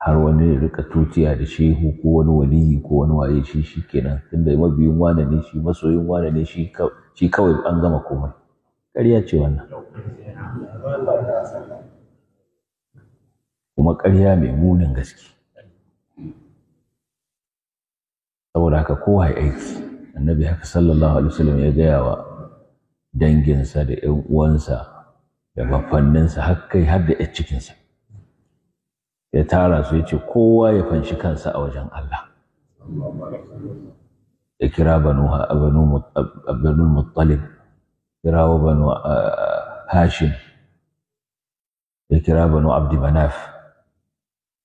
har wani ya rika tutiya da shehu ko wani waliyi ko wani waye shi shi kenan tunda mabiyin wane ne shi masoyin wane ne shi kawai an gama komai ƙarya ce wannan kuma ƙarya mai munin gaske saboda haka kowa ya aiki annabi haka sallallahu alaihi wasallam ya gaya wa danginsa da 'yan uwansa da bafanninsa har kai har da 'yan cikinsa ya tara su ya ce kowa ya fanshi kansa a wajen Allah ya kira banu abinu muttalib kirawo banu ah, hashim ya kira banu abdi manaf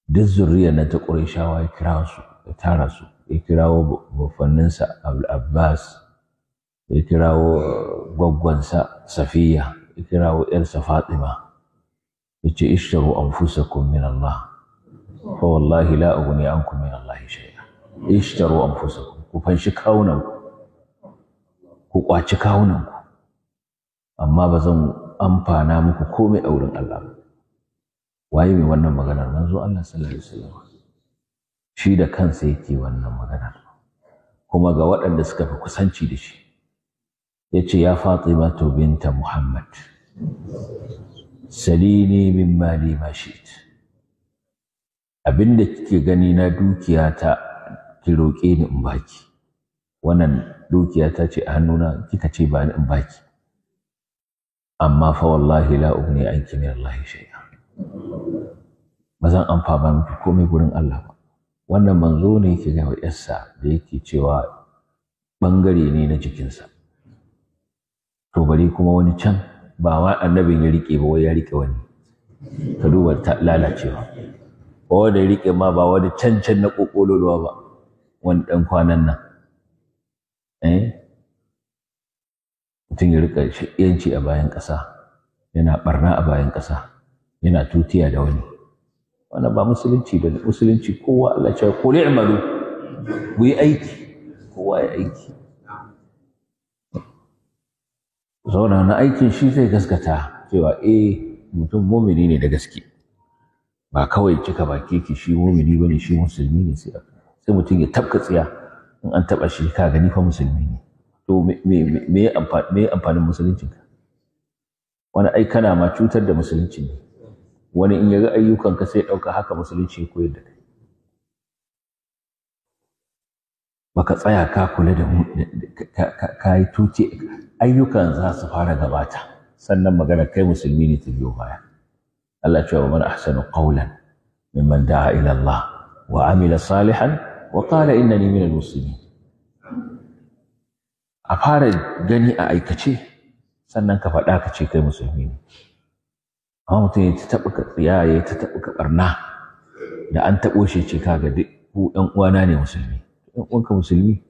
duk zurriya na ta ƙurashawa ya kira su ya tara su ya kirawo bafanninsa abbas ya kirawo ah, gwaggwansa safiya ya kirawo yarsa fatima ya ce ishtaru kun min Allah fa wallahi la ughni an min Allah shay'a ishtaru anfusakum ku fanshi kawunan ku kwaci kawunan ku amma ba zan amfana muku komai a wurin Allah ba waye mai wannan maganar manzo Allah sallallahu alaihi wasallam shi da kansa yake wannan maganar kuma ga waɗanda suka fi kusanci da shi ya ce ya fatima to binta muhammad salini min mali ma abin da kike gani na dukiya ta ki roƙe ni in baki wannan dukiya ta ce a hannuna kika ce ba ni in baki amma fa wallahi la ugni anki min Allah shay'a ba zan ba miki komai gurin Allah ba wannan manzo ne yake ga yarsa da yake cewa bangare ne na jikinsa to bari kuma wani can ba wa annabin ya rike ba wai ya rike wani ka duba ta lalacewa ba wanda ya riƙe ma ba wani cancan na ƙoƙololuwa ba wani ɗan kwanan nan eh mutum ya riƙa yanci a bayan ƙasa yana ɓarna a bayan ƙasa yana tutiya da wani wannan ba musulunci ba ne musulunci kowa Allah ce ko ni'malu ku yi aiki kowa ya aiki zauna na aikin shi zai gaskata cewa eh mutum mumini ne da gaske ba kawai cika baki ki shi mumini bane shi musulmi ne sai sai mutum ya tabka tsiya in an taba shi ka gani fa musulmi ne to me me me amfanin musulunci ka wani ai kana ma cutar da musulunci ne wani in ya ga ayyukan ka sai dauka haka musulunci ya yadda kai baka tsaya ka kula da mu ka yi tuce ayyukan za su fara gabata sannan magana kai musulmi ne ta biyo baya Allah cewa man ahsanu qawlan mimman da'a ila Allah wa amila salihan wa qala innani minal muslimin a fara gani a aikace sannan ka faɗa ka ce kai musulmi ne amma mutum ya ta taɓa ka ta taɓa ka ɓarna da an taɓo shi ce kaga duk ku ɗan uwana ne musulmi ɗan uwanka musulmi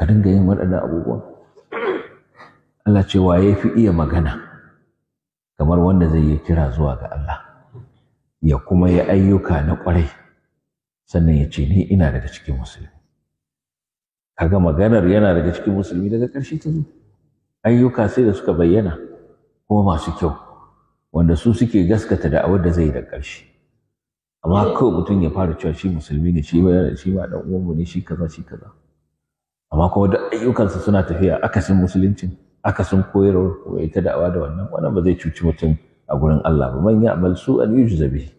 ka dinga yin waɗannan abubuwan Allah ce wa ya fi iya magana kamar wanda zai yi kira zuwa ga Allah ya kuma yi ayyuka na kwarai? sannan ya ce ni ina daga cikin musulmi kaga maganar yana daga cikin musulmi daga ƙarshe ta zo ayyuka sai da suka bayyana ko masu kyau wanda su suke gaskata da awar da zai da ƙarshe amma kawai mutum ya fara cewa shi musulmi ne shi ma shi ma dan uwanmu ne shi kaza shi kaza amma kuma duk ayyukansa suna tafiya akasin musuluncin akasin koyarwar ko ita ta da'awa da wannan wannan ba zai cuci mutum a gurin Allah ba man ya'mal su'an yujza bihi